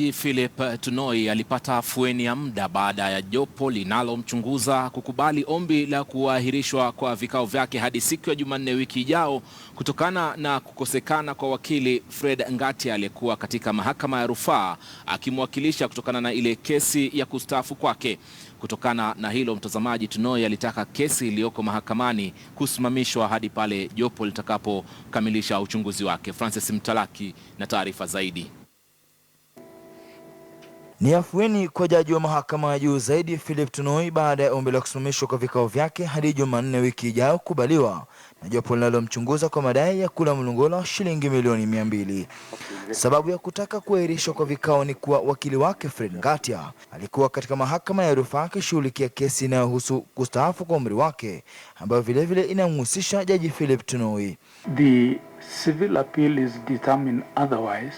Jaji Philip Tunoi alipata afueni ya muda baada ya jopo linalomchunguza kukubali ombi la kuahirishwa kwa vikao vyake hadi siku ya Jumanne wiki ijao kutokana na kukosekana kwa wakili Fred ngati aliyekuwa katika mahakama ya rufaa akimwakilisha kutokana na ile kesi ya kustaafu kwake. Kutokana na hilo, mtazamaji, Tunoi alitaka kesi iliyoko mahakamani kusimamishwa hadi pale jopo litakapokamilisha uchunguzi wake. Francis Mtalaki na taarifa zaidi. Ni afueni kwa jaji wa mahakama ya juu zaidi Philip Tunoi baada ya ombi la kusimamishwa kwa vikao vyake hadi Jumanne wiki ijayo kukubaliwa na jopo linalomchunguza kwa madai ya kula mlungula wa shilingi milioni mia mbili. Sababu ya kutaka kuahirishwa kwa vikao ni kuwa wakili wake Fred Ngatia alikuwa katika mahakama ya rufaa akishughulikia kesi inayohusu kustaafu kwa umri wake ambayo vilevile inamhusisha jaji Philip Tunoi. The civil appeal is determined otherwise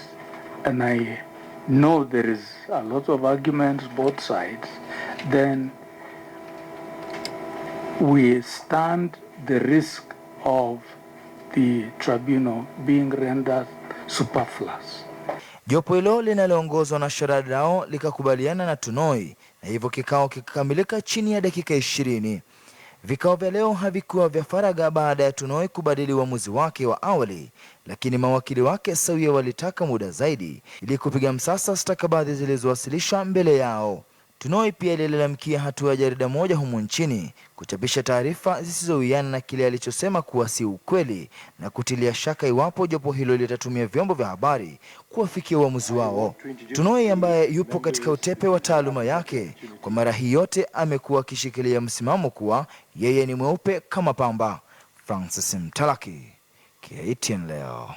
and I know there is a lot of arguments both sides, then we stand the risk of the tribunal being rendered superfluous. Jopo hilo linaloongozwa na Sharad Rao likakubaliana na Tunoi na hivyo kikao kikakamilika chini ya dakika ishirini. Vikao vya leo havikuwa vya faragha baada ya Tunoi kubadili uamuzi wa wake wa awali, lakini mawakili wake sawia walitaka muda zaidi ili kupiga msasa stakabadhi zilizowasilishwa mbele yao. Tunoi pia ililalamikia hatua ya jarida moja humu nchini kuchapisha taarifa zisizowiana na kile alichosema kuwa si ukweli na kutilia shaka iwapo jopo hilo litatumia vyombo vya habari kuwafikia uamuzi wao. Tunoi ambaye yupo katika utepe wa taaluma yake kwa mara hii yote amekuwa akishikilia msimamo kuwa yeye ni mweupe kama pamba. Francis Mtalaki, KTN leo.